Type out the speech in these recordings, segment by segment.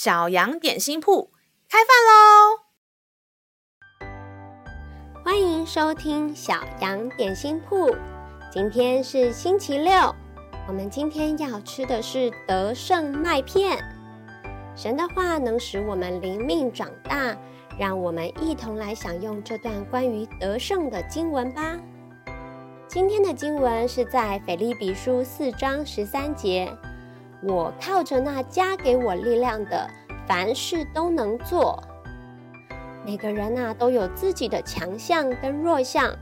小羊點心鋪開飯嘍！歡迎收聽小羊點心鋪。今天是星期六，我們今天要吃的是德勝麥片。神的話能使我們靈命長大，讓我們一同來享用這段關於德勝的經文吧。今天的經文是在腓立比書四章十三節。我靠着那加給我力量的，凡事都能做。每個人吶，都有自己的強項跟弱項。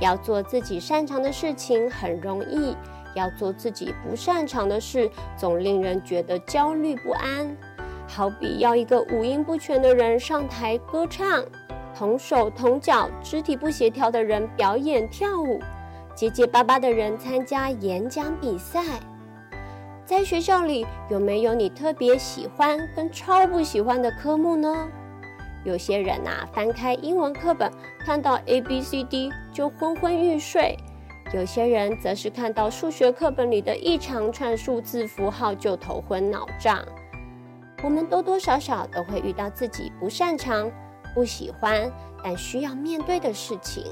要做自己擅長的事情很容易，要做自己不擅長的事，總令人覺得焦慮不安。好比要一個五音不全的人上台歌唱，同手同腳、肢體不協調的人表演跳舞，結結巴巴的人參加演講比賽。在學校裡，有沒有你特別喜歡跟超不喜歡的科目呢？有些人吶、啊，翻開英文課本，看到 A B C D 就昏昏欲睡；有些人則是看到數學課本裡的一長串數字符號就頭昏腦脹。我們多多少少都會遇到自己不擅長、不喜歡但需要面對的事情。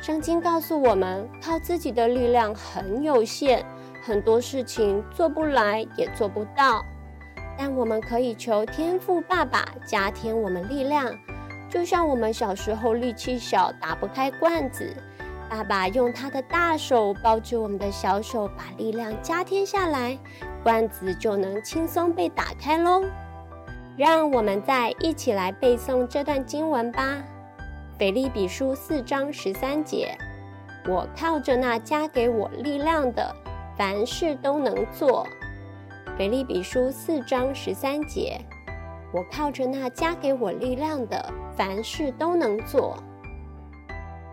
聖經告訴我們，靠自己的力量很有限。很多事情做不來也做不到，但我們可以求天父爸爸加添我們力量。就像我們小時候力氣小，打不開罐子，爸爸用他的大手抱住我們的小手，把力量加添下來，罐子就能輕鬆被打開嘍。讓我們再一起來背誦這段經文吧，《腓立比書》四章十三節：“我靠着那加給我力量的。”凡事都能做，腓立比書四章十三節。我靠着那加給我力量的，凡事都能做。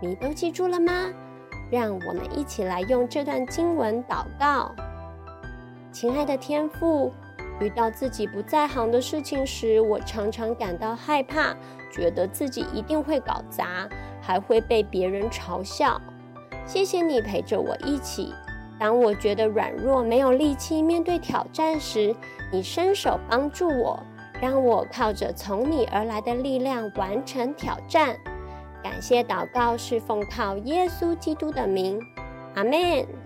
你都記住了嗎？讓我們一起來用這段經文禱告。親愛的天父，遇到自己不在行的事情時，我常常感到害怕，覺得自己一定會搞砸，還會被別人嘲笑。謝謝你陪着我一起。當我覺得軟弱、沒有力氣面對挑戰時，你伸手幫助我，讓我靠着從你而來的力量完成挑戰。感謝禱告，是奉靠耶穌基督的名。阿門。